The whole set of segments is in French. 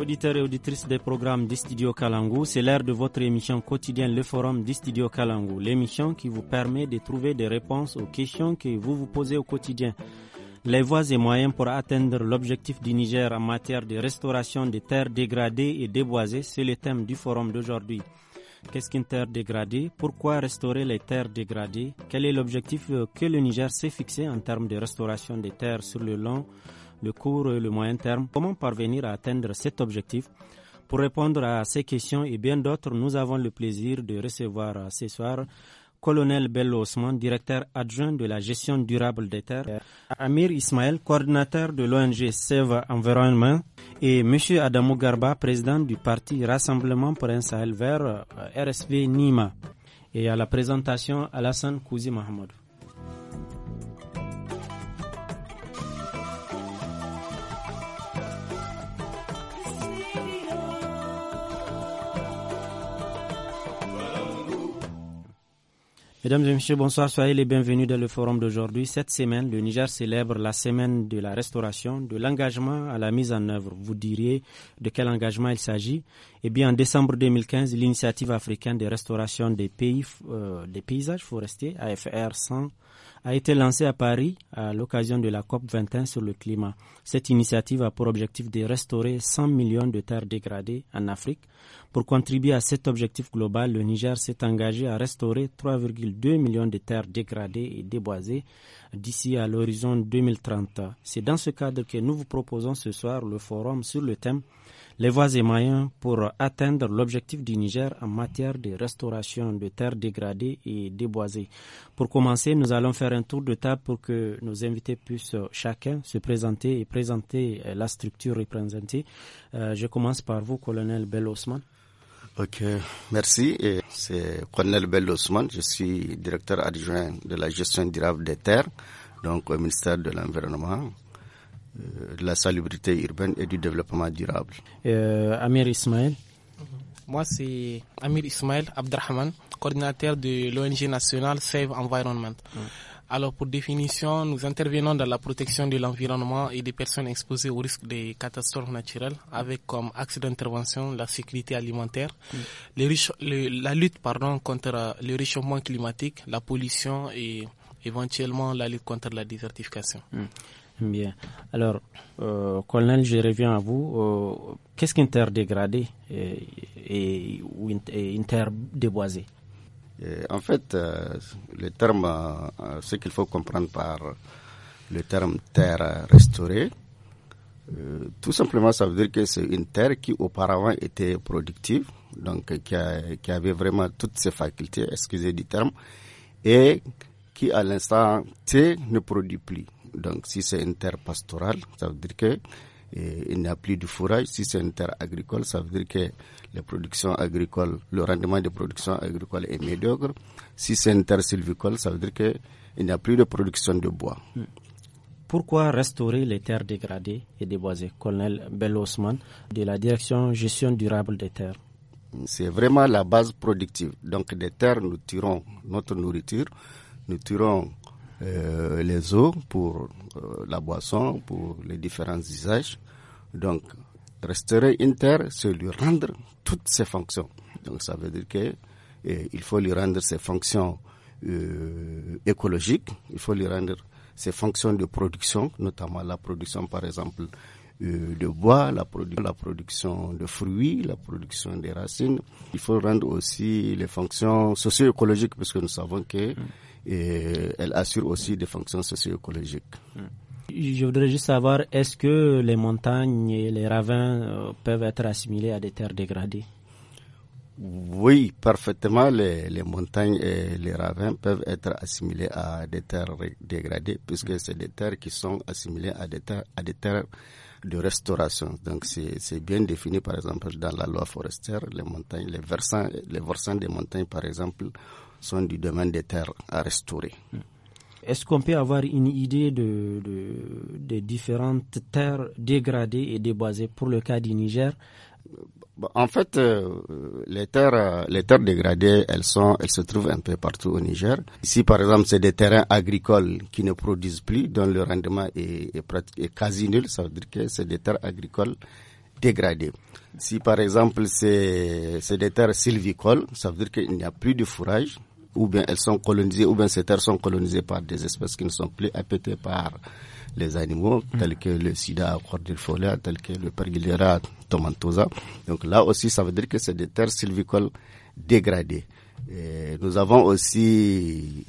Auditeurs et auditrices des programmes du Studio Kalangou, c'est l'heure de votre émission quotidienne Le Forum du Studio Kalangou, l'émission qui vous permet de trouver des réponses aux questions que vous vous posez au quotidien. Les voies et moyens pour atteindre l'objectif du Niger en matière de restauration des terres dégradées et déboisées, c'est le thème du forum d'aujourd'hui. Qu'est-ce qu'une terre dégradée Pourquoi restaurer les terres dégradées Quel est l'objectif que le Niger s'est fixé en termes de restauration des terres sur le long le court et le moyen terme. Comment parvenir à atteindre cet objectif Pour répondre à ces questions et bien d'autres, nous avons le plaisir de recevoir euh, ce soir Colonel Bello Osman, directeur adjoint de la gestion durable des terres, Amir Ismaël, coordinateur de l'ONG Save Environnement, et M. Adamou Garba, président du parti Rassemblement pour un Sahel vert, euh, RSV Nima. Et à la présentation, Alassane Kouzi Mahmoud. Mesdames et Messieurs, bonsoir, soyez les bienvenus dans le forum d'aujourd'hui. Cette semaine, le Niger célèbre la semaine de la restauration, de l'engagement à la mise en œuvre. Vous diriez de quel engagement il s'agit Eh bien, en décembre 2015, l'initiative africaine de restauration des, pays, euh, des paysages forestiers, AFR 100, a été lancé à Paris à l'occasion de la COP 21 sur le climat. Cette initiative a pour objectif de restaurer 100 millions de terres dégradées en Afrique. Pour contribuer à cet objectif global, le Niger s'est engagé à restaurer 3,2 millions de terres dégradées et déboisées d'ici à l'horizon 2030. C'est dans ce cadre que nous vous proposons ce soir le forum sur le thème les voies et moyens pour atteindre l'objectif du Niger en matière de restauration de terres dégradées et déboisées. Pour commencer, nous allons faire un tour de table pour que nos invités puissent chacun se présenter et présenter euh, la structure représentée. Euh, je commence par vous, colonel Bellosman. Ok, merci. C'est colonel Bel je suis directeur adjoint de la gestion durable des terres, donc au ministère de l'Environnement. Euh, de la salubrité urbaine et du développement durable. Euh, Amir Ismail. Mhm. Moi, c'est Amir Ismaël Abdrahman, coordinateur de l'ONG nationale Save Environment. Mhm. Alors, pour définition, nous intervenons dans la protection de l'environnement et des personnes exposées au risque des catastrophes naturelles, avec comme axe d'intervention la sécurité alimentaire, mhm. la lutte pardon, contre euh, le réchauffement climatique, la pollution et éventuellement la lutte contre la désertification. Bien. Alors, euh, colonel, je reviens à vous. Euh, qu'est-ce qu'une terre dégradée euh, et, une, terre déboisée En fait, le terme, ce qu'il faut comprendre par le terme terre restaurée, tout simplement, ça veut dire que c'est une terre qui auparavant était productive, donc qui, avait vraiment toutes ses facultés, excusez du terme, et qui à l'instant ne produit plus. Donc, si c'est une terre pastorale, ça veut dire que eh, il n'y a plus de fourrage. Si c'est une terre agricole, ça veut dire que les productions agricoles, le rendement des productions agricoles est médiocre. Si c'est une terre sylvicole, ça veut dire que il n'y a plus de production de bois. Hmm. Pourquoi restaurer les terres dégradées et déboisées Colonel Bellosman, de la direction gestion durable des terres. C'est vraiment la base productive. Donc des terres, nous tirons notre nourriture, nous tirons euh, les eaux pour euh, la boisson, pour les différents usages. Donc, resterait inter se c'est lui rendre toutes ses fonctions. Donc, ça veut dire que euh, il faut lui rendre ses fonctions euh, écologiques, il faut lui rendre ses fonctions de production, notamment la production, par exemple, de bois, la, la production de fruits, la production des racines. Il faut rendre aussi les fonctions socio-écologiques parce que nous savons que mm et elle assure aussi des fonctions socio-écologiques. Hmm. Je voudrais juste savoir, est-ce que les montagnes et les ravins euh, peuvent être assimilés à des terres dégradées oui, parfaitement, les, les, montagnes et les ravins peuvent être assimilés à des terres dégradées, puisque c'est des terres qui sont assimilées à des terres, à des terres de restauration. Donc, c'est bien défini, par exemple, dans la loi forestière, les montagnes, les versants, les versants des montagnes, par exemple, sont du domaine des terres à restaurer. Est-ce qu'on peut avoir une idée de, des différentes terres dégradées et déboisées pour le cas du Niger bah, En fait, euh, les terres, euh, les terres dégradées, elles, sont, elles se trouvent un peu partout au Niger. Ici, par exemple, c'est des terrains agricoles qui ne produisent plus, dont le rendement est, est quasi nul. Ça veut dire que c'est des terres agricoles dégradées. Si par exemple c'est des terres sylvicoles, ça veut dire qu'il n'y a plus de fourrage, ou bien elles sont colonisées, ou bien ces terres sont colonisées par des espèces qui ne sont plus appétées par les animaux, mm. tels que le sida cordifolia, tels que le pergillera tomentosa. Donc là aussi, ça veut dire que c'est des terres sylvicoles dégradées. nous avons aussi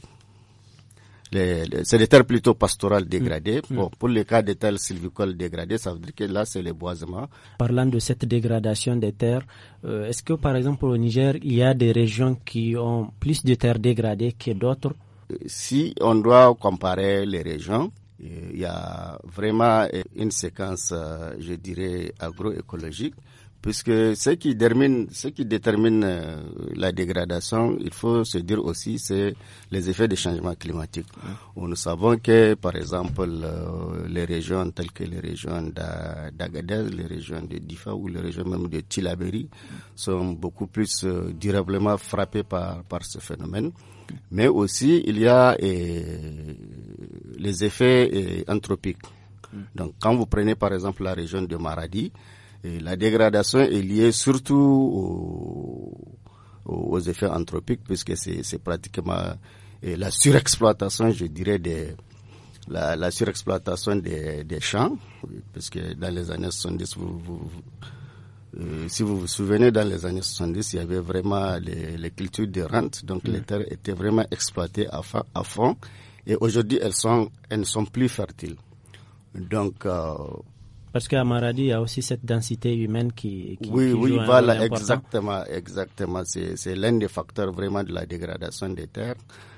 c'est des terres plutôt pastorales dégradées. Mm. Bon, pour le cas des terres sylvicoles dégradées, ça veut dire que là, c'est les boisements. Parlant de cette dégradation des terres, euh, est-ce que par exemple au Niger, il y a des régions qui ont plus de terres dégradées que d'autres euh, Si on doit comparer les régions, euh, il y a vraiment une séquence, je dirais, agroécologique puisque ce qui détermine, ce qui détermine euh, la dégradation, il faut se dire aussi, c'est les effets des changements climatiques. nous savons que, par exemple, les régions telles que les régions d'Agadez, les régions de Difa ou les régions même de Tilaberi sont beaucoup plus euh, durablement frappées par, par ce phénomène. Mais aussi, il y a euh, les effets anthropiques. Donc, quand vous prenez par exemple la région de Maradi, la dégradation est liée surtout aux, effets anthropiques, puisque c'est pratiquement la surexploitation, je dirais, des, la, surexploitation des, champs, puisque dans les années 70, vous, euh, si vous vous souvenez, dans les années 70, il y avait vraiment les, cultures de rente, donc mm. les terres étaient vraiment exploitées à, à fond, et aujourd'hui, elles, elles ne sont plus fertiles. Donc, euh, parce qu'à Maradi, il y a aussi cette densité humaine qui. qui oui, qui oui, voilà, exactement, exactement. C'est l'un des facteurs vraiment de la dégradation des terres,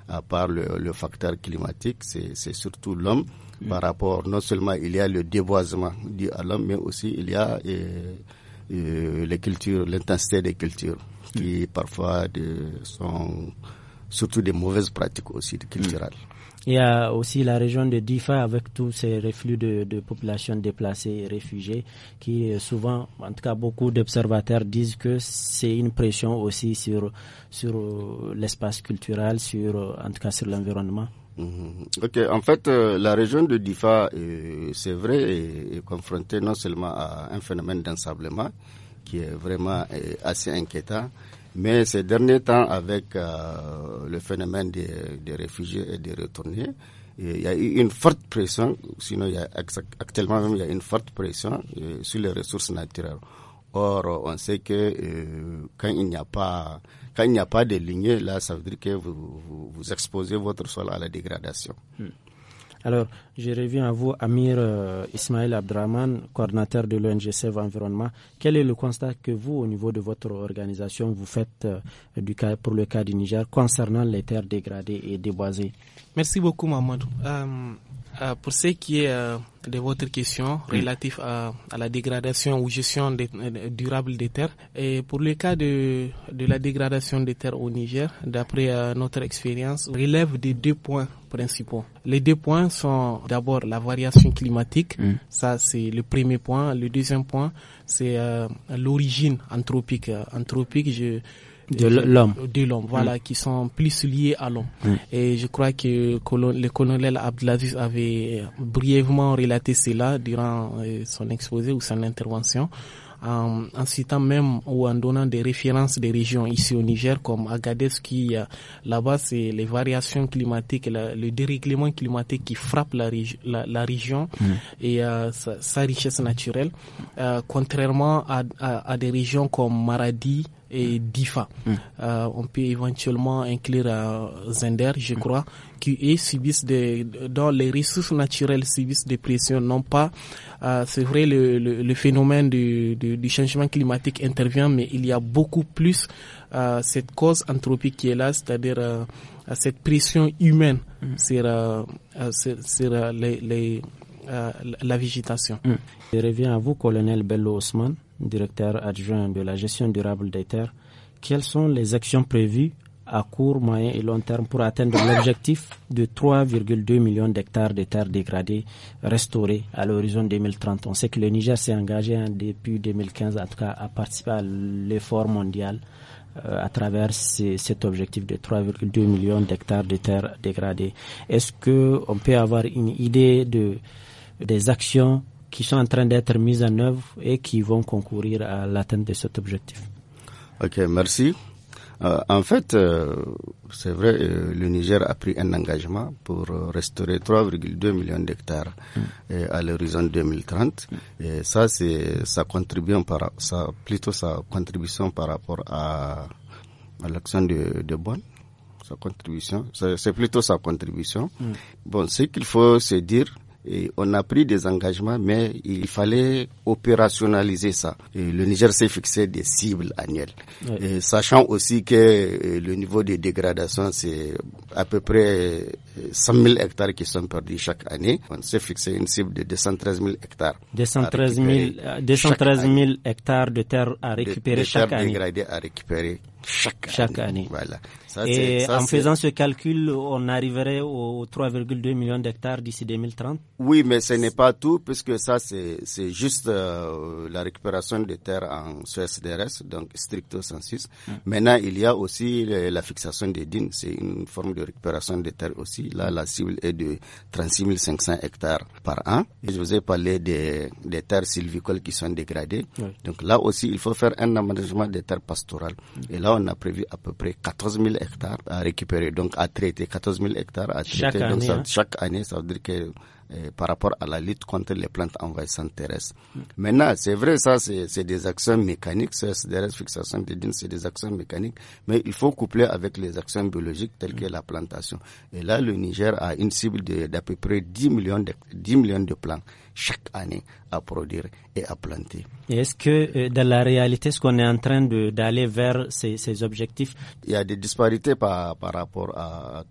à part le, facteur climatique, c'est surtout l'homme. Mm. Par rapport, non seulement il y a le déboisement dû à l'homme, mais aussi il y a euh, euh, les cultures, l'intensité des cultures, qui mm. parfois de, sont surtout des mauvaises pratiques aussi mm. culturelles. Il y a aussi la région de Difa avec tous ces reflux de, populations déplacées et réfugiées qui euh, souvent, en tout cas beaucoup d'observateurs disent que c'est une pression aussi sur, euh, l'espace culturel, sur, euh, en tout cas sur l'environnement. Mhm. Ok, en fait, la région de Difa, c'est vrai, est, confrontée non seulement à un phénomène d'ensablement qui est vraiment assez inquiétant, mais ces derniers temps, avec euh, le phénomène des, réfugiés et des retournés, il y a eu une forte pression, sinon actuellement même il y a une forte pression euh, sur les ressources naturelles. Or, euh, on sait que quand il n'y a pas quand il n'y a pas de lignée, là, ça veut dire que vous, exposez votre sol à la dégradation. Hmm. Alors, je reviens à vous, Amir Ismail euh, Ismaël Abdraman, coordinateur de l'ONG Save Environnement. Quel est le constat que vous, au niveau de votre organisation, vous faites euh, du cas, pour le cas du Niger concernant les terres dégradées et déboisées Merci beaucoup, Mamadou. Euh, euh, pour ce qui est euh, de votre question relative à, la dégradation ou gestion euh, durable des terres, et pour le cas de, de la dégradation des terres au Niger, d'après notre expérience, relève des deux points principaux. Les deux points sont d'abord la variation climatique, mm. ça c'est le premier point. Le deuxième point, c'est l'origine anthropique. Anthropique, je de l'homme, de l'homme, voilà, mm. qui sont plus liés à l'homme. Mm. Et je crois que le colonel Abdelaziz avait euh, brièvement relaté cela durant euh, son exposé ou son intervention. En, citant même ou en donnant des références des régions ici au Niger comme Agadez qui euh, là-bas c'est les variations climatiques, le dérèglement climatique qui frappe la, région mm. et sa, richesse naturelle, contrairement à, des régions comme Maradi, et mm. DIFA. Mm. Euh, on peut éventuellement inclure euh, Zender, je mm. crois, qui est subissent des, dans les ressources naturelles subissent des pressions, non pas, euh, c'est vrai, le, phénomène du, changement climatique intervient, mais il y a beaucoup plus cette cause anthropique qui est là, c'est-à-dire cette pression humaine sur, la végétation. Je reviens à vous, colonel Bello Osman directeur adjoint de la gestion durable des terres, quelles sont les actions prévues à court, moyen et long terme pour atteindre l'objectif de 3,2 millions d'hectares de terres dégradées restaurées à l'horizon 2030. On sait que le Niger s'est engagé hein, depuis 2015 en tout cas à participer à l'effort mondial euh, à travers cet objectif de 3,2 millions d'hectares de terres dégradées. Est-ce que on peut avoir une idée de des actions qui sont en train d'être mises en œuvre et qui vont concourir à l'atteinte de cet objectif. Ok, merci. Euh, en fait, euh, c'est vrai, euh, le Niger a pris un engagement pour restaurer 3,2 millions d'hectares hmm. à l'horizon 2030. Et ça, c'est ça contribue par, ça, plutôt sa contribution par rapport à, à l'action de, de Sa contribution, c'est plutôt sa contribution. Hmm. Bon, ce qu'il faut se dire, on a pris des engagements, mais il fallait opérationnaliser ça. Et le Niger s'est fixé des cibles annuelles, sachant aussi que euh, le niveau de dégradation, c'est à peu près 100 000 hectares qui sont perdus chaque année. On s'est fixé une cible de 213 000 hectares. 213 000, euh, hectares de terre à récupérer année. de chaque dégradées à récupérer chaque, année. Voilà. Et en faisant ce calcul, on arriverait aux 3,2 millions d'hectares d'ici 2030 Oui, mais ce n'est pas tout, puisque ça, c'est juste euh, la récupération des terres en DRS, donc stricto sensus. Hum. Maintenant, il y a aussi la fixation des dînes, c'est une forme de récupération des terres aussi. Là, la cible est de 36 500 hectares par an. Et je vous ai parlé des, des terres sylvicoles qui sont dégradées. Donc là aussi, il faut faire un aménagement des terres pastorales. Et là, on a prévu à peu près 14 000 hectares à récupérer, donc à traiter. 14 000 hectares à traiter. Chaque donc, année, hein. chaque année, ça veut dire que euh, par rapport à la lutte contre les plantes envahissantes terrestres. Maintenant, c'est vrai, ça, c'est des actions mécaniques, c'est des fixations c'est des actions mécaniques, mais il faut coupler avec les actions biologiques telles que la plantation. Et là, le Niger a une cible d'à peu près 10 millions de, plantes chaque année à produire et à planter. Et est-ce que euh, dans la réalité, est-ce qu'on est en train d'aller vers ces, ces objectifs Il y a des disparités par, par rapport à,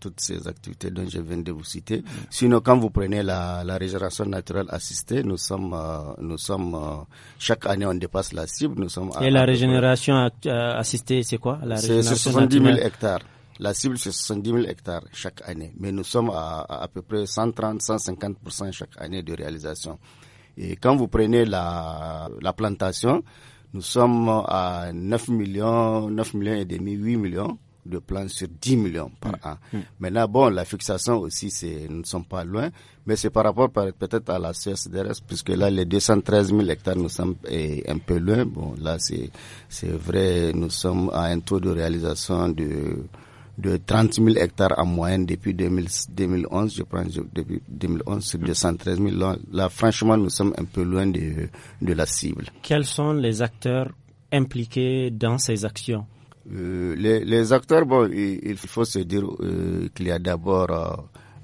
toutes ces activités dont je viens de vous citer. Sinon, quand vous prenez la, régénération naturelle assistée, nous sommes, euh, nous sommes euh, chaque année on dépasse la cible. Nous sommes et la régénération assistée, c'est quoi C'est 70 000 hectares. La cible, c'est 70 000 hectares chaque année, mais nous sommes à à, peu près 130-150% chaque année de réalisation. Et quand vous prenez la, la plantation, nous sommes à 9 millions, 9 millions et demi, 8 millions de plants sur 10 millions par mm. an. Mm. Maintenant, bon, la fixation aussi, c'est, nous ne sommes pas loin, mais c'est par rapport peut-être à la CSDRS, puisque là, les 213 000 hectares, nous sommes un peu loin. Bon, là, c'est, c'est vrai, nous sommes à un taux de réalisation de de 30 000 hectares en moyenne depuis 2011, je prends depuis 2011 c'est 213 000. Là, franchement, nous sommes un peu loin de, de la cible. Quels sont les acteurs impliqués dans ces actions euh, les, les, acteurs, bon, il, faut se dire euh, qu'il y a d'abord euh,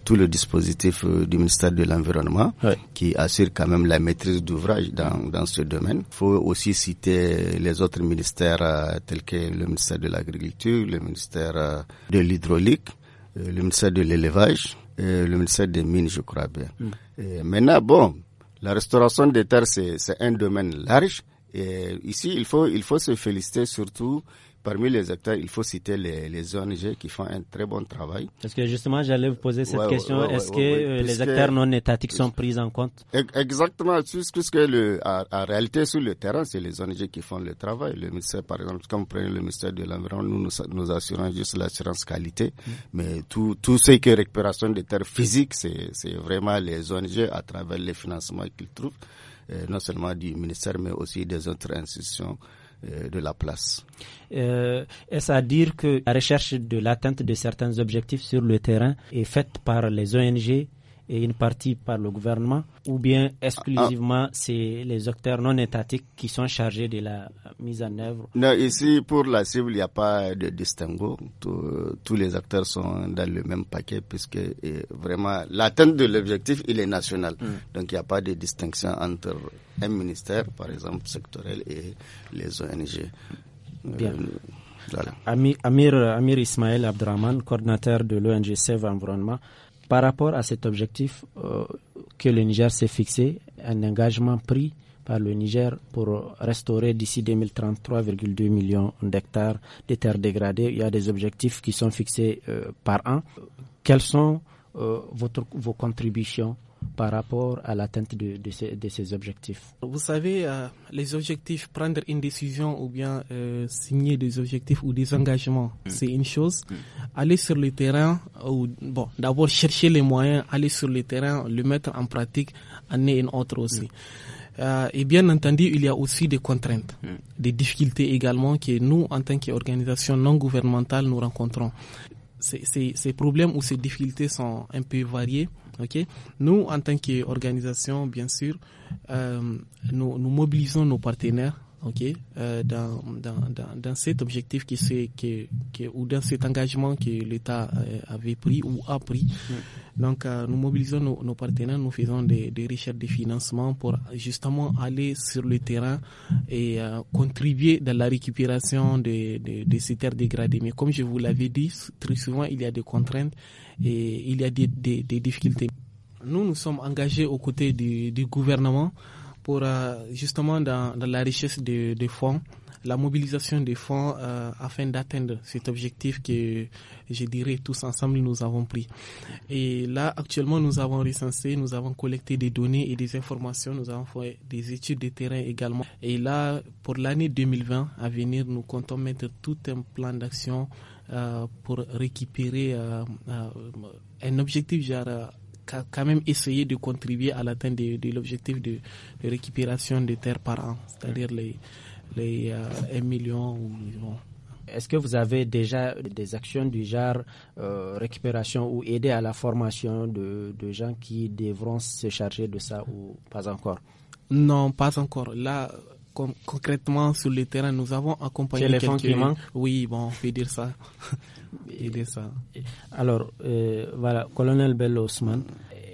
tout le dispositif euh, du ministère de l'Environnement qui assure quand même la maîtrise d'ouvrage dans, dans ce domaine. Il faut aussi citer les autres ministères euh, tels que le ministère de l'Agriculture, le ministère euh, de l'Hydraulique, le ministère de l'Élevage, le ministère des Mines, je crois bien. Hmm. maintenant, bon, la restauration des terres, c'est un domaine large. Et ici, il faut, il faut se féliciter surtout Parmi les acteurs, il faut citer les, ONG qui font un très bon travail. Parce que justement, j'allais vous poser cette question. Est-ce que euh, les acteurs non étatiques sont pris en compte Exactement. Puisque le, en, réalité, sur le terrain, c'est les ONG qui font le travail. Le ministère, par exemple, quand vous prenez le ministère de l'Environnement, nous, nous, assurons juste l'assurance qualité. Mmh. Mais tout, tout ce qui est récupération des terres physiques, c'est vraiment les ONG à travers les financements qu'ils trouvent, euh, non seulement du ministère, mais aussi des autres institutions. Euh, de la place. Euh, est-ce à dire que la recherche de l'atteinte de certains objectifs sur le terrain est faite par les ONG et une partie par le gouvernement ou bien exclusivement ah. c'est les acteurs non étatiques qui sont chargés de la mise en œuvre Non, ici pour la cible, il n'y a pas de distinguo. tous les acteurs sont dans le même paquet puisque vraiment l'atteinte de l'objectif, il est national. Mm. Donc il n'y a pas de distinction entre un ministère, par exemple, sectoriel et les ONG. Euh, bien. Amir, Amir Ismaël Abdraman, coordinateur de l'ONG Save Environnement. Par rapport à cet objectif euh, que le Niger s'est fixé, un engagement pris par le Niger pour restaurer d'ici 2033,2 millions d'hectares de terres dégradées. Il y a des objectifs qui sont fixés euh, par an. Quelles sont euh, vos contributions par rapport à l'atteinte de, ces, objectifs Vous savez, les objectifs, prendre une décision ou bien signer des objectifs ou des engagements, mm. c'est une chose. Mm aller sur le terrain, ou bon, d'abord chercher les moyens, aller sur le terrain, le mettre en pratique, année et une autre aussi. Euh, et bien entendu, il y a aussi des contraintes, mm. des difficultés également que nous, en tant qu'organisation non gouvernementale, nous rencontrons. Ces, ces, ces, problèmes ou ces difficultés sont un peu variés. ok Nous, en tant qu'organisation, bien sûr, euh, nous, nous mobilisons nos partenaires ok, euh, dans, dans, dans, dans, cet objectif qui c'est que, ou dans cet engagement que l'État euh, avait pris ou a pris. Mm. Donc, euh, nous mobilisons nos, partenaires, nous faisons des, des recherches de financement pour justement aller sur le terrain et contribuer dans la récupération de, ces terres dégradées. Mais comme je vous l'avais dit, très souvent il y a des contraintes et il y a des, des, des difficultés. Nous, nous sommes engagés aux côtés du gouvernement pour euh, justement dans, dans, la richesse des de fonds, la mobilisation des fonds euh, afin d'atteindre cet objectif que je dirais tous ensemble nous avons pris. Et là actuellement nous avons recensé, nous avons collecté des données et des informations, nous avons fait des études de terrain également. Et là pour l'année 2020 à venir nous comptons mettre tout un plan d'action euh, pour récupérer un objectif genre quand même essayer de contribuer à l'atteinte de, l'objectif de, récupération des terres par an, c'est-à-dire mmh. les, les 1 euh, million ou Est-ce que vous avez déjà des actions du genre euh, récupération ou aider à la formation de, de, gens qui devront se charger de ça ou pas encore Non, pas encore. Là, concrètement sur le terrain, nous avons accompagné les quelques... qui manquent. Oui, bon, on peut dire ça. Alors, euh, voilà, colonel bellosman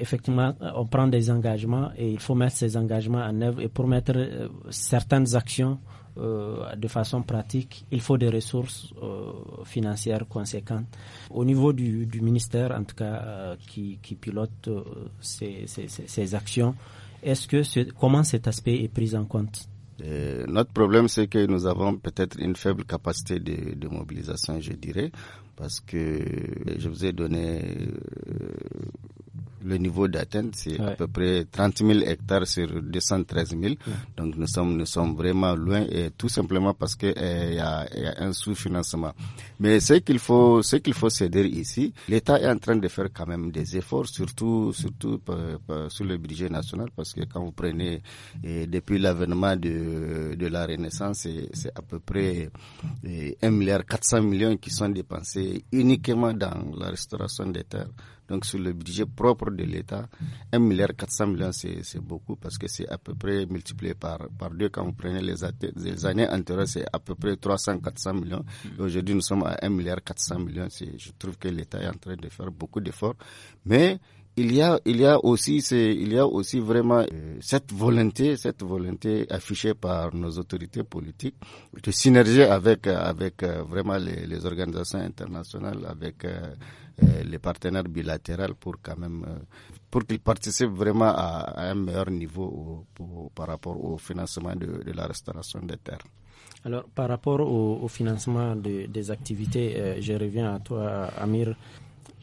effectivement, on prend des engagements et il faut mettre ces engagements en œuvre. Et pour mettre euh, certaines actions euh, de façon pratique, il faut des ressources financières conséquentes. Au niveau du, ministère, en tout cas, qui, pilote ces, actions, est-ce que comment cet aspect est pris en compte euh, notre problème, c'est que nous avons peut-être une faible capacité de, de, mobilisation, je dirais, parce que euh, je vous ai donné euh, le niveau d'atteinte, c'est à peu près 30 000 hectares sur 213 000. Donc nous sommes, nous sommes vraiment loin et tout simplement parce que eh, il y, a, un sous-financement. Mais ce qu'il faut, ce qu'il faut céder ici, l'État est en train de faire quand même des efforts, surtout, surtout euh, euh, sur le budget national, parce que quand vous prenez eh, depuis l'avènement de, de la Renaissance, c'est à peu près 1 eh, milliard 400 millions qui sont dépensés uniquement dans la restauration des terres. Donc sur le budget propre de l'État, un milliard cents millions, c'est beaucoup parce que c'est à peu près multiplié par, par deux. Quand vous prenez les, les années antérieures, c'est à peu près 300-400 millions. Aujourd'hui, nous sommes à un milliard 400 millions. Je trouve que l'État est en train de faire beaucoup d'efforts. Mais il y a, il y a aussi, c'est, il y a aussi vraiment euh, cette volonté, cette volonté affichée par nos autorités politiques de synergier avec, avec euh, vraiment les, les, organisations internationales, avec euh, euh, les partenaires bilatéraux pour quand même euh, qu'ils participent vraiment à, un meilleur niveau par rapport au financement de, la restauration des terres. Alors, par rapport au, financement des activités, euh, je reviens à toi, Amir.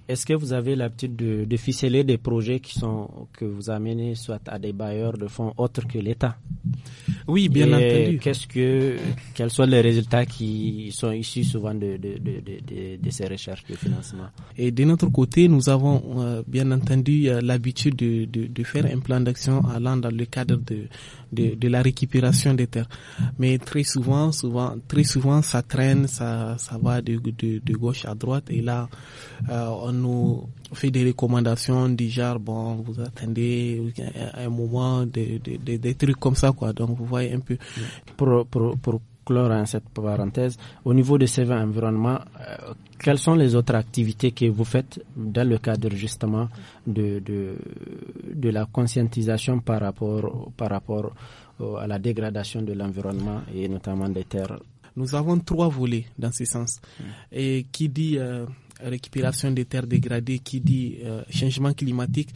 Est-ce que vous avez l'habitude de, de, ficeler des projets qui sont, que vous amenez soit à des bailleurs de fonds autres que l'État Oui, bien entendu. Qu'est-ce que, quels sont les résultats qui sont issus souvent de, de, de, ces recherches de financement Et de notre côté, nous avons euh, bien entendu euh, l'habitude de, faire un plan d'action allant dans le cadre de, de, la récupération des terres. Mais très souvent, souvent, très souvent, ça traîne, ça, ça va de, gauche à droite. Et là, euh, on nous fait des recommandations du genre, bon, vous attendez un moment, des trucs comme ça, quoi. Donc, vous voyez un peu. Pour, pour, pour clore cette parenthèse, au niveau de ces environnement, environnements euh, quelles sont les autres activités que vous faites dans le cadre justement de, de, de la conscientisation par rapport, par rapport euh, à la dégradation de l'environnement et notamment des terres Nous avons trois volets dans ce sens. Mm. Et qui dit... Euh, récupération des terres dégradées, qui dit euh, changement climatique,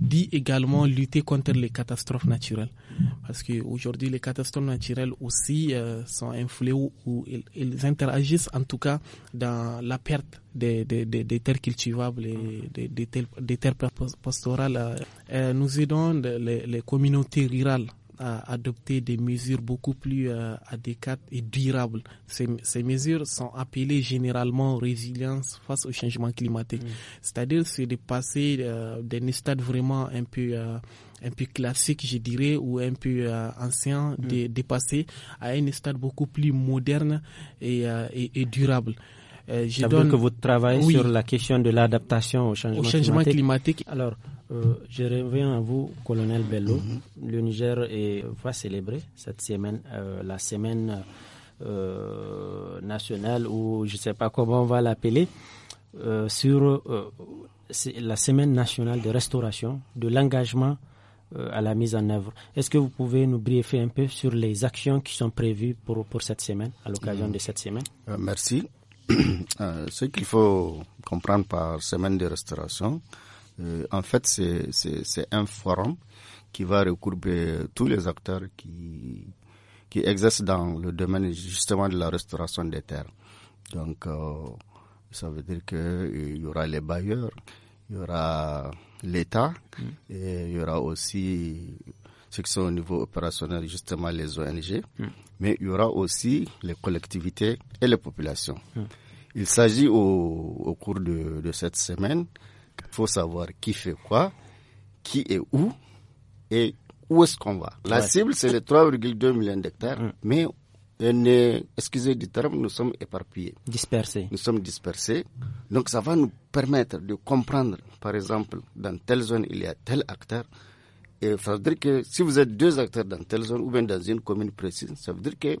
dit également lutter contre les catastrophes naturelles. Parce qu'aujourd'hui, les catastrophes naturelles aussi euh, sont un ou où ils, interagissent en tout cas dans la perte des, des, des, terres cultivables et des, des terres, terres pastorales. Euh, nous aidons les communautés rurales à adopter des mesures beaucoup plus euh, adéquates et durables. Ces, mesures sont appelées généralement résilience face au changement climatique. Mm. C'est-à-dire, c'est de passer euh, d'un stade vraiment un peu euh, un peu classique, je dirais, ou un peu ancien, mmh. à un stade beaucoup plus moderne et durable. Euh, que vous travaillez sur la question de l'adaptation au changement, climatique. Alors, euh, je reviens à vous, colonel Bello. Mhm. Le Niger va célébrer cette semaine euh, la semaine euh, nationale ou je ne sais pas comment on va l'appeler sur la semaine nationale de restauration de l'engagement à la mise en œuvre. Est-ce que vous pouvez nous briefer un peu sur les actions qui sont prévues pour, pour cette semaine, à l'occasion mhm. de cette semaine Merci. Euh, ce qu'il faut comprendre par semaine de restauration, euh, en fait, c'est un forum qui va regrouper tous les acteurs qui, qui exercent dans le domaine justement de la restauration des terres. Donc, euh, ça veut dire qu'il y aura les bailleurs, il y aura l'État, mm. et il y aura aussi qui sont au niveau opérationnel, justement les ONG, hmm. mais il y aura aussi les collectivités et les populations. Hmm. Il s'agit au, cours de, cette semaine il faut savoir qui fait quoi, qui est où et où est-ce qu'on va. La cible, c'est les 3,2 millions d'hectares, hmm. mais euh, excusez du terme, nous sommes éparpillés. Dispersés. Nous sommes dispersés. Donc ça va nous permettre de comprendre, par exemple, dans telle zone, il y a tel acteur ça veut dire que si vous êtes deux acteurs dans telle zone ou bien dans une commune précise, ça veut dire que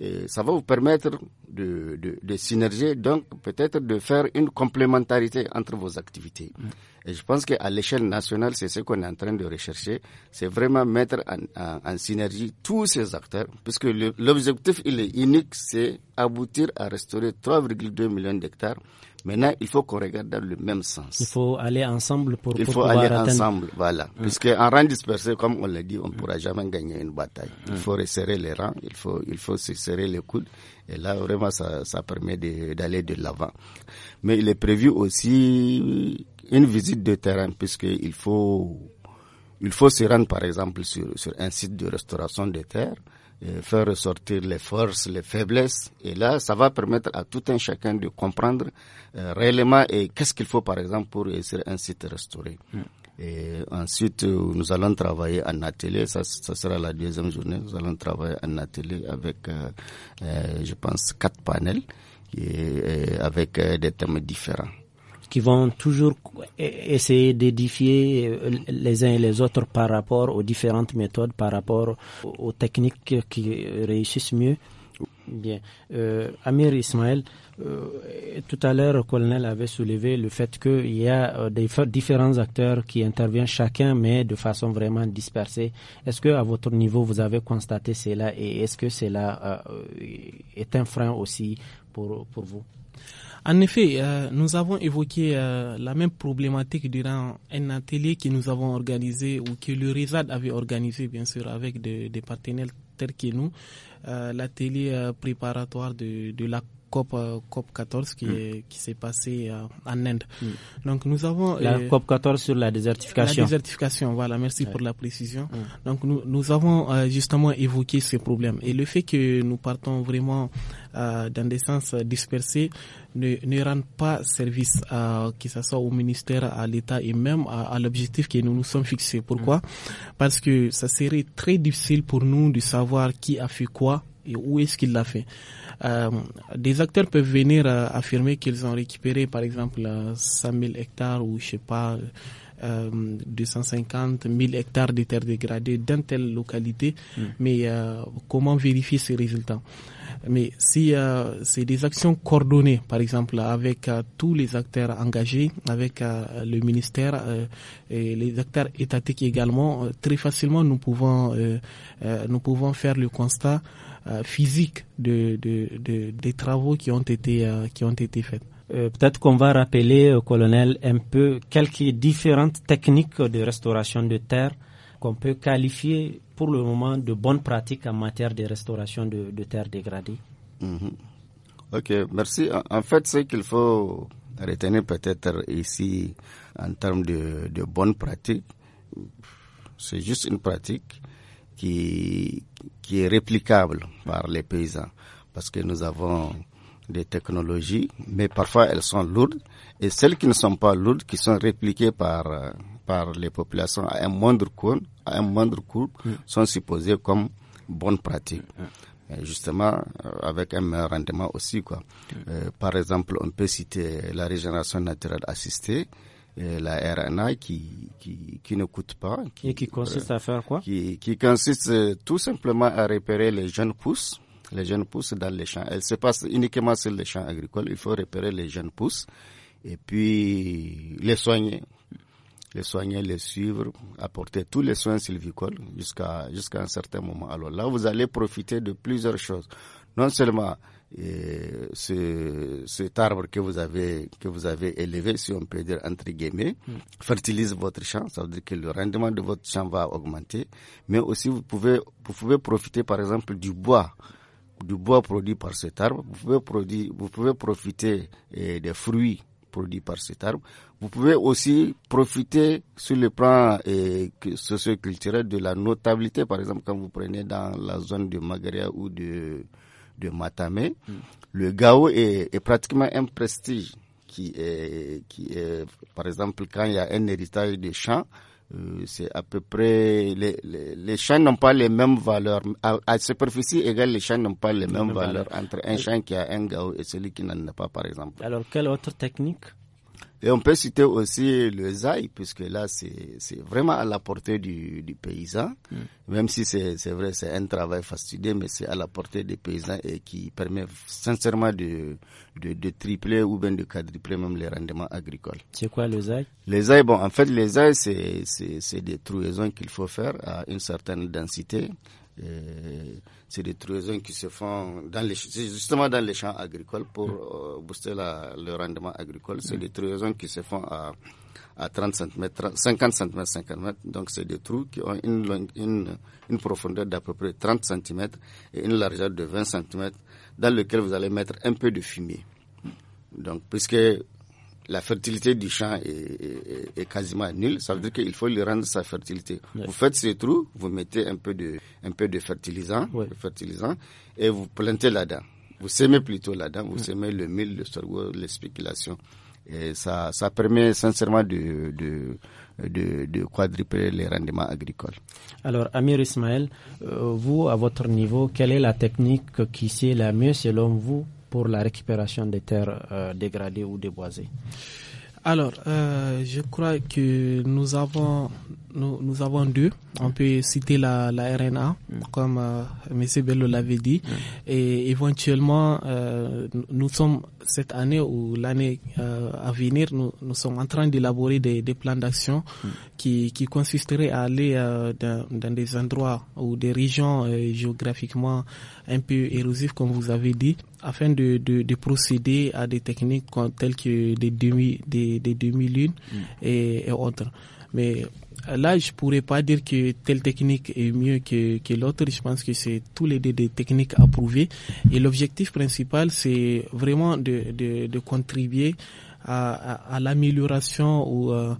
euh, ça va vous permettre de, de, de synergie, donc peut-être de faire une complémentarité entre vos activités. Mm. Et je pense qu'à l'échelle nationale, c'est ce qu'on est en train de rechercher, c'est vraiment mettre en, en, synergie tous ces acteurs, puisque l'objectif, il est unique, c'est aboutir à restaurer 3,2 millions d'hectares. Maintenant, il faut qu'on regarde dans le même sens. Il faut aller ensemble pour, pouvoir il faut aller ensemble, voilà. Mm. Puisque en rang dispersé, comme on l'a dit, on ne mm. pourra jamais gagner une bataille. Il faut resserrer les rangs, il faut, il faut se serrer les coudes et là, vraiment, ça, ça permet d'aller de l'avant. Mais il est prévu aussi une visite de terrain, puisqu'il faut, il faut se rendre, par exemple, sur, sur un site de restauration de terre, faire ressortir les forces, les faiblesses. Et là, ça va permettre à tout un chacun de comprendre euh, réellement et qu'est-ce qu'il faut, par exemple, pour réussir euh, un site restauré. Mm. Et ensuite, euh, nous allons travailler en atelier. Ça, sera la deuxième journée. Nous allons travailler en atelier avec, euh, euh, je pense, quatre panels et, avec des thèmes différents. Qui vont toujours e-, essayer d'édifier les uns et les autres par rapport aux différentes méthodes, par rapport aux techniques qui réussissent mieux. Bien. Amir Ismaël, euh, tout à l'heure, le colonel avait soulevé le fait qu'il y a euh, des différents acteurs qui interviennent chacun, mais de façon vraiment dispersée. Est-ce que à votre niveau, vous avez constaté cela et est-ce que cela euh, est un frein aussi pour, vous en effet, nous avons évoqué la même problématique durant un atelier que nous avons organisé ou que le RISAD avait organisé, bien sûr, avec des partenaires que nous, euh, l'atelier euh, préparatoire de, de la COP, euh, COP 14 qui, mm. qui s'est passé en Inde. Mm. Donc nous avons la COP 14 sur la désertification. La désertification, voilà, merci pour la précision. Mm. Donc nous, nous avons justement évoqué ce problème et le fait que nous partons vraiment dans des sens dispersés ne, ne rendent pas service à, que ce soit au ministère, à l'État et même à l'objectif que nous nous sommes fixés. Pourquoi Parce que ça serait très difficile pour nous de savoir qui a fait quoi et où est-ce qu'il l'a fait. Euh, des acteurs peuvent venir euh, affirmer qu'ils ont récupéré par exemple 5 euh, 000 hectares ou je sais pas 250 000 hectares de terres dégradées dans telle localité, hmm. mais comment vérifier ces résultats mais si euh, c'est des actions coordonnées, par exemple, avec euh, tous les acteurs engagés, avec euh, le ministère et les acteurs étatiques également, très facilement nous pouvons nous pouvons faire le constat physique des travaux qui ont été qui ont été faits. peut-être qu'on va rappeler, au colonel, un peu quelques différentes techniques de restauration de terre qu'on peut qualifier pour le moment de bonnes pratiques en matière de restauration de, terres dégradées. Mhm. Ok, merci. En fait, ce qu'il faut retenir peut-être ici en termes de, de bonnes pratiques, c'est juste une pratique qui, qui est réplicable par les paysans parce que nous avons des technologies, mais parfois elles sont lourdes et celles qui ne sont pas lourdes qui sont répliquées par euh, par les populations à un moindre coût, à un moindre coût mm. sont supposées comme bonnes pratiques. Mm. justement, euh, avec un meilleur rendement aussi. Quoi. Mm. Euh, par exemple, on peut citer la régénération naturelle assistée. Euh, la RNA qui, qui, qui, ne coûte pas. Qui, et qui consiste à faire quoi qui, consiste tout simplement à repérer les jeunes pousses les jeunes pousses dans les champs. Elle se passe uniquement sur les champs agricoles. Il faut repérer les jeunes pousses et puis les soigner les soigner, les suivre, apporter tous les soins sylvicoles jusqu'à jusqu'à un certain moment. Alors là, vous allez profiter de plusieurs choses. Non seulement euh, ce, cet arbre que vous avez que vous avez élevé, si on peut dire entre guillemets, mm. fertilise votre champ, ça veut dire que le rendement de votre champ va augmenter, mais aussi vous pouvez vous pouvez profiter par exemple du bois du bois produit par cet arbre, vous pouvez, produire, vous pouvez profiter euh, des fruits produit par cet arbre. Vous pouvez aussi profiter sur le plan euh, socio-culturel de la notabilité. Par exemple, quand vous prenez dans la zone de Magaria ou de, de hmm. le Gao est, pratiquement un prestige qui est, qui est, par exemple, quand il y a un héritage de champs, euh, c'est à peu près les, les, champs n'ont pas les mêmes valeurs à, superficie égale les champs n'ont pas les mêmes valeurs entre un champ qui a un gao et celui qui n'en a pas par exemple. Alors quelle autre technique et on peut citer aussi le zaï, puisque là, c'est vraiment à la portée du, du paysan, mm. même si c'est vrai, c'est un travail fastidieux, mais c'est à la portée des paysans et qui permet sincèrement de, de, de tripler ou bien de quadrupler même les rendements agricoles. C'est quoi le zaï Les zaï, bon, en fait, les zaï, c'est des trouaisons qu'il faut faire à une certaine densité. Euh, c'est des trésors qui se font dans les, justement dans les champs agricoles pour mm. euh, booster le rendement agricole. C'est mm. des trésors qui se font à, à 30 cm, 50 cm, 50 mètres. Donc, c'est des trous qui ont une, une, une profondeur d'à peu près 30 cm et une largeur de 20 cm dans lequel vous allez mettre un peu de fumier. Donc, puisque la fertilité du champ est, est, quasiment nulle. Ça veut dire qu'il faut lui rendre sa fertilité. Vous faites ces trous, vous mettez un peu de, un peu de fertilisant, fertilisant et vous plantez là-dedans. Vous semez plutôt là-dedans, vous semez le mil, le sorgho, les spéculations. Et ça, ça permet sincèrement de, de, de, de quadrupler les rendements agricoles. Alors, Amir Ismaël, euh, vous, à votre niveau, quelle est la technique qui c'est la mieux selon vous pour la récupération des terres euh, dégradées ou déboisées alors, euh, je crois que nous avons, nous, nous, avons deux. On peut citer la, la RNA, mm. comme euh, M. Bello l'avait dit. Mm. Et éventuellement, euh, nous sommes cette année ou l'année à venir, nous, nous, sommes en train d'élaborer des, des, plans d'action mm. qui, qui consisteraient à aller dans, dans, des endroits ou des régions géographiquement un peu érosives, comme vous avez dit, afin de, de, de, procéder à des techniques telles que des demi des, des demi lunes mm. et, et, autres. Mais là, je pourrais pas dire que telle technique est mieux que, que l'autre. Je pense que c'est tous les deux des techniques approuvées. Et l'objectif principal, c'est vraiment de, de, de contribuer à, à, l'amélioration ou euh,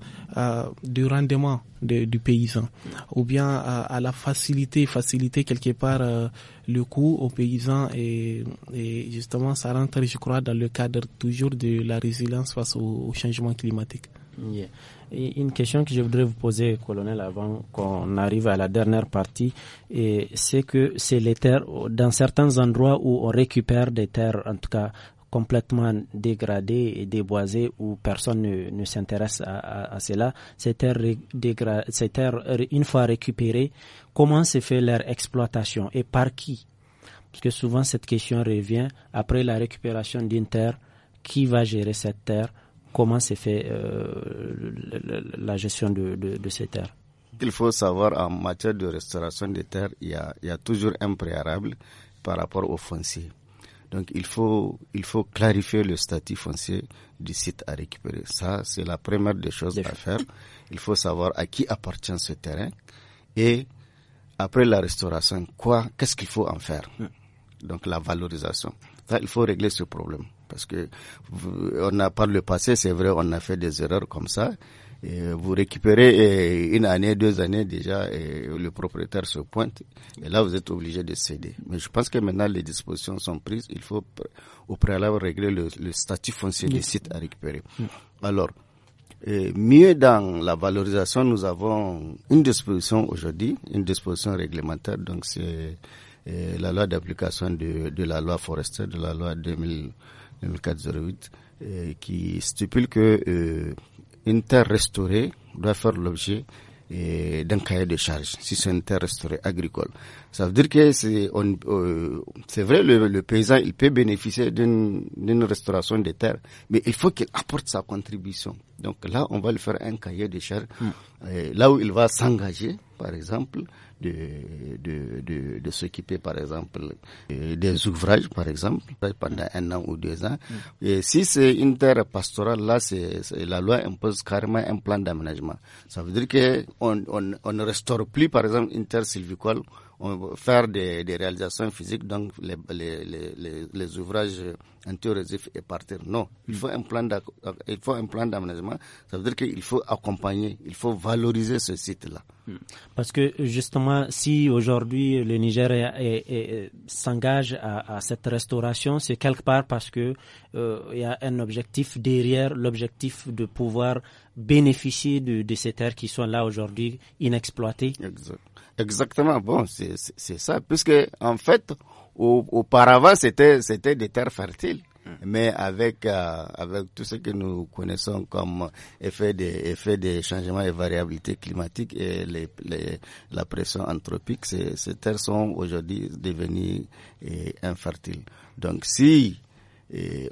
du rendement du paysan, ou bien à, la facilité, faciliter quelque part euh, le coût aux paysans et, et, justement ça rentre, je crois, dans le cadre toujours de la résilience face au, changement climatique. Yeah. Et une question que je voudrais vous poser, colonel, avant qu'on arrive à la dernière partie, et c'est que c'est les terres, dans certains endroits où on récupère des terres, en tout cas complètement dégradé et déboisé où personne ne, s'intéresse à, cela. Ces terres, ces une fois récupérées, comment se fait leur exploitation et par qui Parce que souvent cette question revient après la récupération d'une terre, qui va gérer cette terre Comment se fait euh, la gestion de, de, de ces terres il faut savoir en matière de restauration des terres, il y a, il y a toujours un préalable par rapport aux fonciers. Donc il faut, il faut clarifier le statut foncier du site à récupérer. Ça, c'est la première des choses à faire. Il faut savoir à qui appartient ce terrain et après la restauration, quoi, qu'est-ce qu'il faut en faire Donc la valorisation. Ça, il faut régler ce problème parce que on a par le passé, c'est vrai, on a fait des erreurs comme ça vous récupérez une année, deux années déjà, et le propriétaire se pointe, et là vous êtes obligé de céder. Mais je pense que maintenant les dispositions sont prises, il faut au préalable régler le, statut foncier des sites à récupérer. Alors, mieux dans la valorisation, nous avons une disposition aujourd'hui, une disposition réglementaire, donc c'est la loi d'application de, la loi forestière, de la loi 2000, 2004-08, qui stipule que... Euh, une terre restaurée doit faire l'objet eh, d'un cahier de charges, si c'est une terre restaurée agricole. Ça veut dire que c'est euh, vrai, le, le, paysan, il peut bénéficier d'une restauration des terres, mais il faut qu'il apporte sa contribution. Donc là, on va lui faire un cahier de charges, hmm. là où il va s'engager, par exemple, de, de, s'occuper, par exemple, euh, des ouvrages, par exemple, pendant un an ou deux ans. Hmm. Et si c'est une terre pastorale, là, c'est la loi impose carrément un plan d'aménagement. Ça veut dire qu'on on, ne restaure plus, par exemple, une terre sylvicole faire des, réalisations physiques, donc les, les, les, les ouvrages intéressifs et partir. Non, il faut un plan il faut un plan d'aménagement. Ça veut dire qu'il faut accompagner, il faut valoriser ce site-là. Hmm. Parce que justement, si aujourd'hui le Niger s'engage à, à, cette restauration, c'est quelque part parce que euh, il y a un objectif derrière, l'objectif de pouvoir bénéficier de, de ces terres qui sont là aujourd'hui inexploitées. Exact. Exactement. Bon, c'est ça. Puisque, en fait, au, auparavant, c'était des terres fertiles. Hum. Mais avec, euh, avec tout ce que nous connaissons comme effet des, effet des changements et variabilités climatique et les, la pression anthropique, ces, terres sont aujourd'hui devenues infertiles. Donc si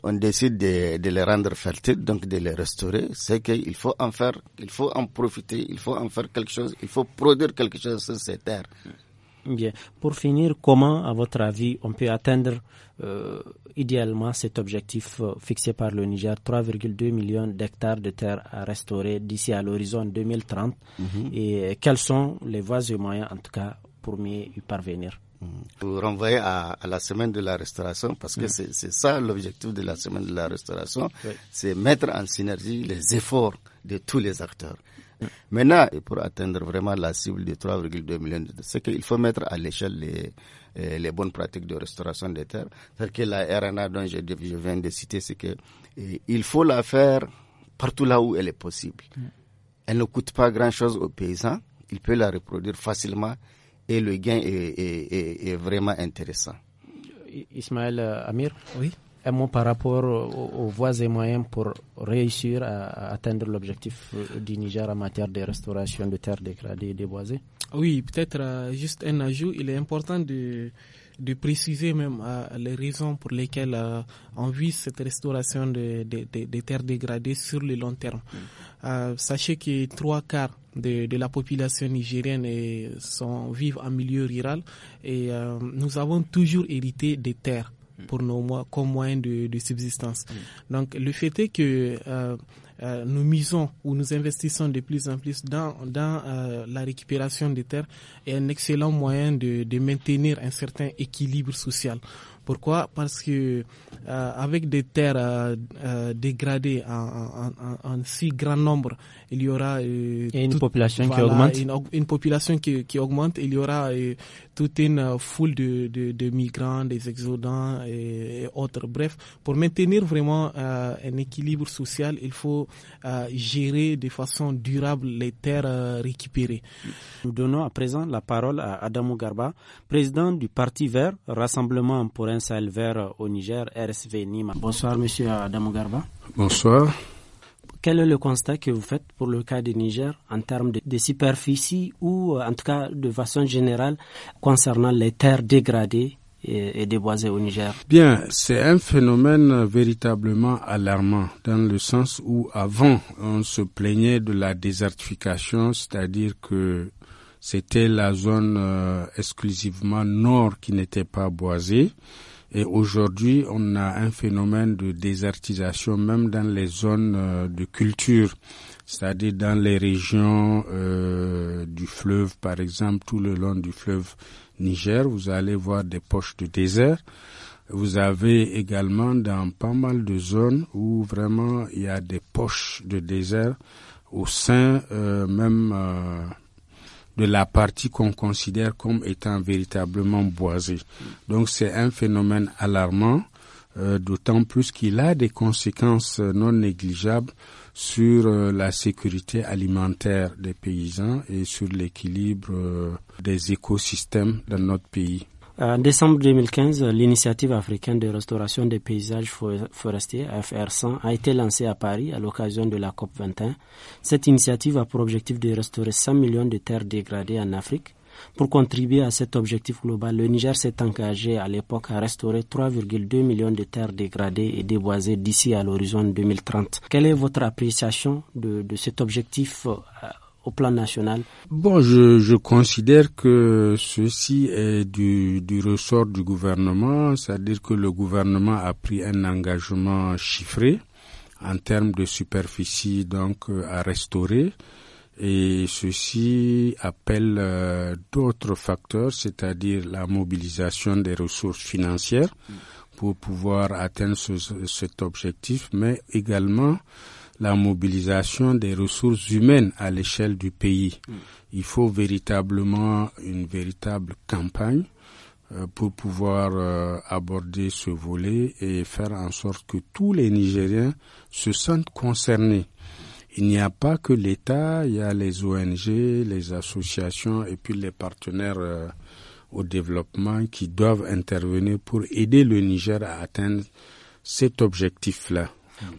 on décide de, les rendre fertiles, donc de les restaurer, c'est qu'il faut en faire, il faut en profiter, il faut en faire quelque chose, il faut produire quelque chose sur ces terres. Bien. Pour finir, comment, à votre avis, on peut atteindre euh, idéalement cet objectif euh, fixé par le Niger, 3,2 millions d'hectares de terres à restaurer d'ici à l'horizon 2030 mhm. Et quelles sont les voies et moyens, en tout cas, pour mieux y parvenir pour renvoyer à, à, la semaine de la restauration parce que mm. c'est ça l'objectif de la semaine de la restauration, c'est mettre en synergie les efforts de tous les acteurs. Maintenant, pour atteindre vraiment la cible de 3,2 millions, c'est qu'il faut mettre à l'échelle les, euh, les bonnes pratiques de restauration des terres. C'est-à-dire que la RNA dont je, viens de citer, c'est qu'il euh, faut la faire partout là où elle est possible. Mm. Elle ne coûte pas grand-chose aux paysans, il peut la reproduire facilement et le gain est, est, est, vraiment intéressant. Ismaël euh, Amir Oui. Un mot par rapport aux, voies et moyens pour réussir à, atteindre l'objectif euh, du Niger en matière de restauration de terres dégradées et déboisées Oui, peut-être euh, juste un ajout. Il est important de, de préciser même euh, les raisons pour lesquelles euh, on vise cette restauration des terres dégradées sur le long terme. Mm. Euh, sachez que trois quarts de, de la population nigérienne est, sont, vivent en milieu rural et euh, nous avons toujours hérité des terres mm. pour nos mois comme moyen de, de subsistance. Mm. Donc le fait est que euh, euh, nous misons ou nous investissons de plus en plus dans, euh, la récupération des terres est un excellent moyen de maintenir un certain équilibre social. Pourquoi Parce que euh, avec des terres euh, euh dégradées en, en, en, en, si grand nombre, il y aura une, population qui augmente. Une, population qui, augmente, il y aura euh, toute une foule de, de, de migrants, des exodants et, autres. Bref, pour maintenir vraiment euh, un équilibre social, il faut gérer de façon durable les terres récupérées. Nous donnons à présent la parole à Adamo Garba, président du Parti Vert, Rassemblement pour Salver au Niger, RSV Nima. Bonsoir, monsieur Adam Garba. Bonsoir. Quel est le constat que vous faites pour le cas du Niger en termes de, superficie ou euh, en tout cas de façon générale concernant les terres dégradées et déboisées au Niger Bien, c'est un phénomène véritablement alarmant dans le sens où avant on se plaignait de la désertification, c'est-à-dire que c'était la zone euh, exclusivement nord qui n'était pas boisée. Et aujourd'hui, on a un phénomène de désertisation même dans les zones euh, de culture, c'est-à-dire dans les régions euh, du fleuve, par exemple, tout le long du fleuve Niger, vous allez voir des poches de désert. Vous avez également dans pas mal de zones où vraiment il y a des poches de désert au sein même de la partie qu'on considère comme étant véritablement boisée. Donc c'est un phénomène alarmant, euh, d'autant plus qu'il a des conséquences euh, non négligeables sur euh, la sécurité alimentaire des paysans et sur l'équilibre des écosystèmes dans notre pays. En décembre 2015, l'initiative africaine de restauration des paysages forestiers, FR100, a été lancée à Paris à l'occasion de la COP21. Cette initiative a pour objectif de restaurer 100 millions de terres dégradées en Afrique pour contribuer à cet objectif global, le Niger s'est engagé à l'époque à restaurer 3,2 millions de terres dégradées et déboisées d'ici à l'horizon 2030. Quelle est votre appréciation de, cet objectif euh, au plan national Bon, je, considère que ceci est du, ressort du gouvernement, c'est-à-dire que le gouvernement a pris un engagement chiffré en termes de superficie donc euh, à restaurer et ceci appelle euh, d'autres facteurs, c'est-à-dire la mobilisation des ressources financières pour pouvoir atteindre cet objectif, mais également la mobilisation des ressources humaines à l'échelle du pays. Hmm. Il faut véritablement une véritable campagne euh, pour pouvoir euh, aborder ce volet et faire en sorte que tous les Nigériens se sentent concernés. Il n'y a pas que l'État, il y a les ONG, les associations et puis les partenaires euh, au développement qui doivent intervenir pour aider le Niger à atteindre cet objectif-là.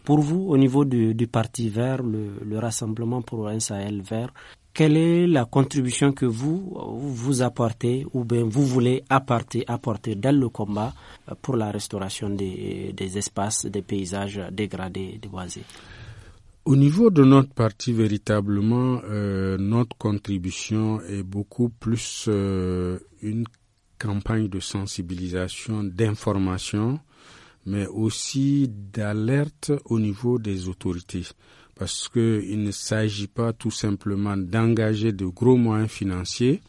Pour vous, au niveau du, Parti vert, le, Rassemblement pour un Sahel vert, quelle est la contribution que vous vous apportez ou bien vous voulez apporter, apporter dans le combat pour la restauration des, espaces, des paysages dégradés déboisés au niveau de notre parti, véritablement, euh, notre contribution est beaucoup plus euh, une campagne de sensibilisation, d'information mais aussi d'alerte au niveau des autorités. Parce qu'il ne s'agit pas tout simplement d'engager de gros moyens financiers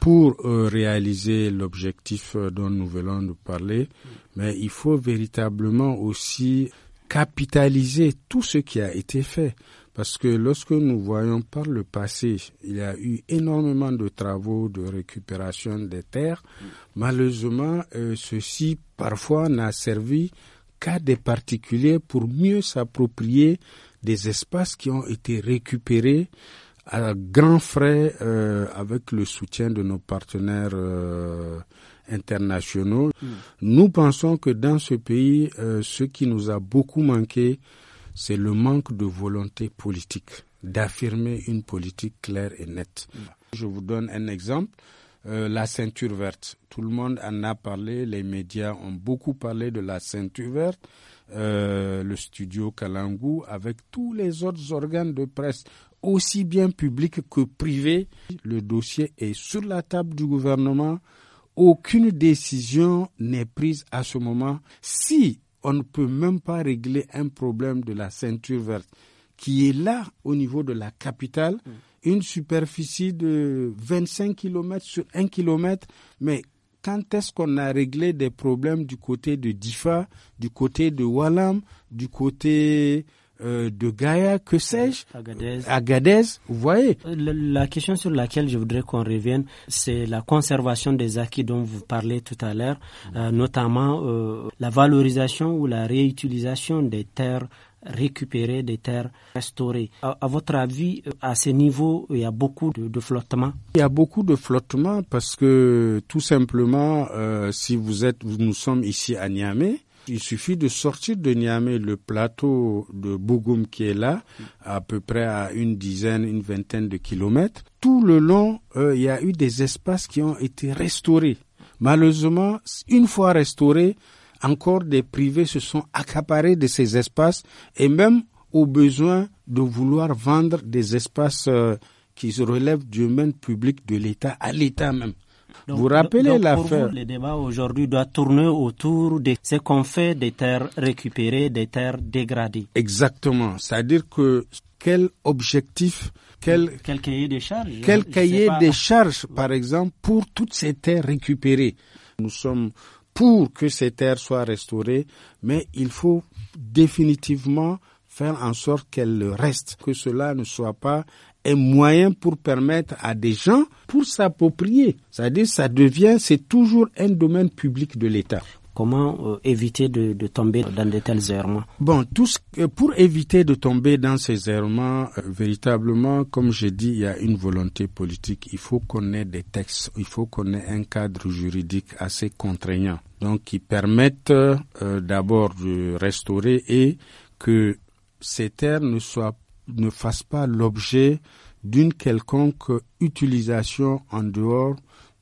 pour euh, réaliser l'objectif euh, dont nous venons de parler, mais il faut véritablement aussi capitaliser tout ce qui a été fait. Parce que lorsque nous voyons par le passé, il y a eu énormément de travaux de récupération des terres. Malheureusement, euh, ceci parfois n'a servi qu'à des particuliers pour mieux s'approprier des espaces qui ont été récupérés à grands frais euh, avec le soutien de nos partenaires euh, internationaux. Hmm. Nous pensons que dans ce pays, euh, ce qui nous a beaucoup manqué, c'est le manque de volonté politique, d'affirmer une politique claire et nette. Hmm. Je vous donne un exemple. Euh, la ceinture verte. Tout le monde en a parlé, les médias ont beaucoup parlé de la ceinture verte, euh, le studio Kalangu, avec tous les autres organes de presse, aussi bien publics que privés. Le dossier est sur la table du gouvernement. Aucune décision n'est prise à ce moment. Si on ne peut même pas régler un problème de la ceinture verte qui est là au niveau de la capitale, mm une superficie de 25 km sur 1 km, mais quand est-ce qu'on a réglé des problèmes du côté de Difa, du côté de Walam, du côté euh, de Gaïa, que euh, sais-je, euh, Agadez. vous voyez. La, question sur laquelle je voudrais qu'on revienne, c'est la conservation des acquis dont vous parlez tout à l'heure, mm. notamment la valorisation ou la réutilisation des terres récupérées, des terres restaurées. À, votre avis, à ce niveau, il y a beaucoup de, de, flottement Il y a beaucoup de flottement parce que tout simplement, si vous êtes, nous sommes ici à Niamey, il suffit de sortir de Niamey, le plateau de Bougoum qui est là, à peu près à une dizaine, une vingtaine de kilomètres. Tout le long, euh, il y a eu des espaces qui ont été restaurés. Malheureusement, une fois restaurés, encore des privés se sont accaparés de ces espaces et même au besoin de vouloir vendre des espaces euh, qui se relèvent du domaine public de l'État à l'État même vous rappelez l'affaire. Le débat aujourd'hui doit tourner autour de ce qu'on fait des terres récupérées, des terres dégradées. Exactement. C'est-à-dire que quel objectif, quel, quel cahier des charges, hein, quel cahier des charges, par exemple, pour toutes ces terres récupérées. Nous sommes pour que ces terres soient restaurées, mais il faut définitivement faire en sorte qu'elles le restent, que cela ne soit pas un moyen pour permettre à des gens pour s'approprier. C'est-à-dire, ça devient, c'est toujours un domaine public de l'État. Comment euh, éviter de, tomber dans de tels errements Bon, tout ce, pour éviter de tomber dans ces errements, euh, véritablement, comme j'ai dit, il y a une volonté politique. Il faut qu'on ait des textes, il faut qu'on ait un cadre juridique assez contraignant, donc qui permette euh, d'abord de restaurer et que ces terres ne soient ne fasse pas l'objet d'une quelconque utilisation en dehors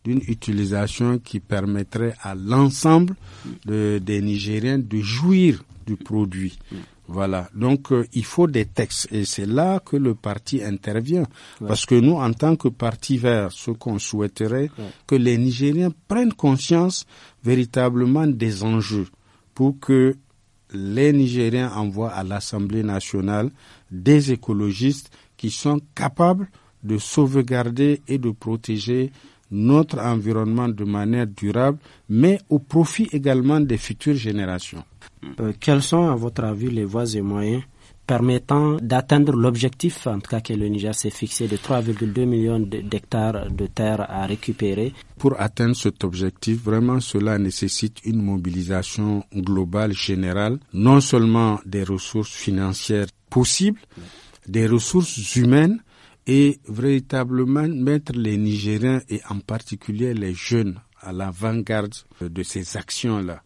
d'une utilisation qui permettrait à l'ensemble des Nigériens de jouir du produit. Voilà. Donc, euh, il faut des textes. Et c'est là que le parti intervient. Parce que nous, en tant que parti vert, ce qu'on souhaiterait, que les Nigériens prennent conscience véritablement des enjeux pour que les Nigériens envoient à l'Assemblée nationale des écologistes qui sont capables de sauvegarder et de protéger notre environnement de manière durable, mais au profit également des futures générations. Euh, quels sont, à votre avis, les voies et moyens permettant d'atteindre l'objectif, en tout cas que le Niger s'est fixé, de 3,2 millions d'hectares de terres à récupérer. Pour atteindre cet objectif, vraiment cela nécessite une mobilisation globale, générale, non seulement des ressources financières possible, des ressources humaines et véritablement mettre les Nigériens et en particulier les jeunes à l'avant-garde euh, de ces actions-là.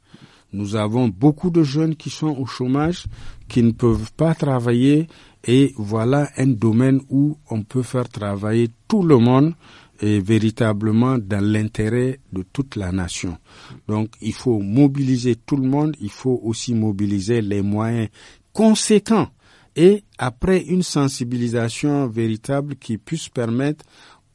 Nous avons beaucoup de jeunes qui sont au chômage, qui ne peuvent pas travailler et voilà un domaine où on peut faire travailler tout le monde et véritablement dans l'intérêt de toute la nation. Donc il faut mobiliser tout le monde, il faut aussi mobiliser les moyens conséquents et après une sensibilisation véritable qui puisse permettre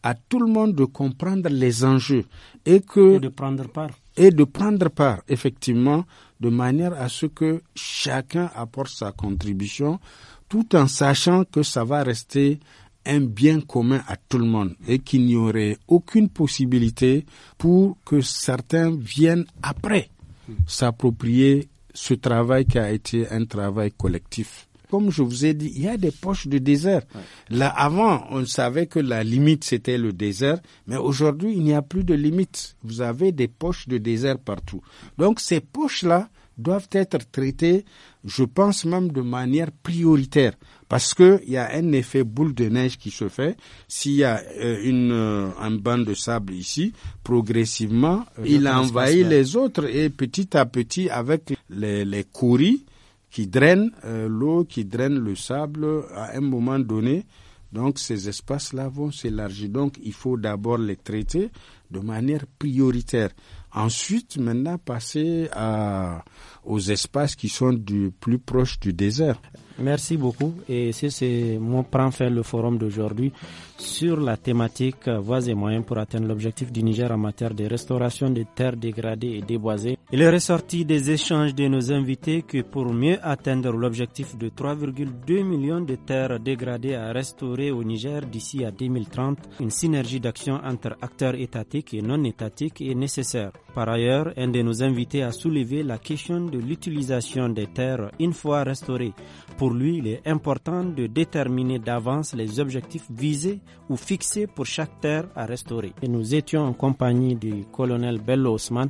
à tout le monde de comprendre les enjeux et que de prendre part et de prendre part effectivement de manière à ce que chacun apporte sa contribution tout en sachant que ça va rester un bien commun à tout le monde et qu'il n'y aurait aucune possibilité pour que certains viennent après s'approprier ce travail qui a été un travail collectif comme je vous ai dit, il y a des poches de désert. Là, avant, on savait que la limite, c'était le désert, mais aujourd'hui, il n'y a plus de limite. Vous avez des poches de désert partout. Donc, ces poches-là doivent être traitées, je pense même de manière prioritaire, parce qu'il y a un effet boule de neige qui se fait. S'il y a euh, une, euh, un banc de sable ici, progressivement, euh, il envahit les autres, et petit à petit, avec les, les qui drainent euh, l'eau, qui drainent le sable à un moment donné. Donc ces espaces-là vont s'élargir. Donc il faut d'abord les traiter de manière prioritaire. Ensuite, maintenant, passer aux espaces qui sont du plus proche du désert. Merci beaucoup. Et c'est ce mot faire le forum d'aujourd'hui sur la thématique voies et moyens pour atteindre l'objectif du Niger en matière de restauration des terres dégradées et déboisées. Il est ressorti des échanges de nos invités que pour mieux atteindre l'objectif de 3,2 millions de terres dégradées à restaurer au Niger d'ici à 2030, une synergie d'action entre acteurs étatiques et non étatiques est nécessaire. Par ailleurs, un de nos invités a soulevé la question de l'utilisation des terres une fois restaurées. Pour lui, il est important de déterminer d'avance les objectifs visés ou fixés pour chaque terre à restaurer. Et nous étions en compagnie du colonel Bello Osman,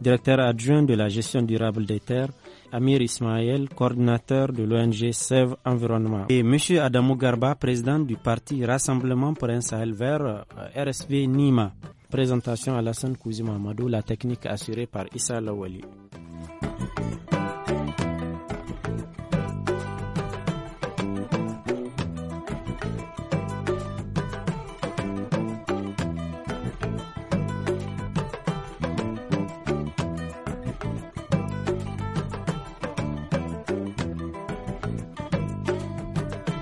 directeur adjoint de la gestion durable des terres, Amir Ismaël, coordinateur de l'ONG Sève Environnement, et M. Adam Garba, président du parti Rassemblement pour un Sahel vert, euh, RSV Nima. Présentation à Alassane Kouzima Mamadou, la technique assurée par Issa Lawali.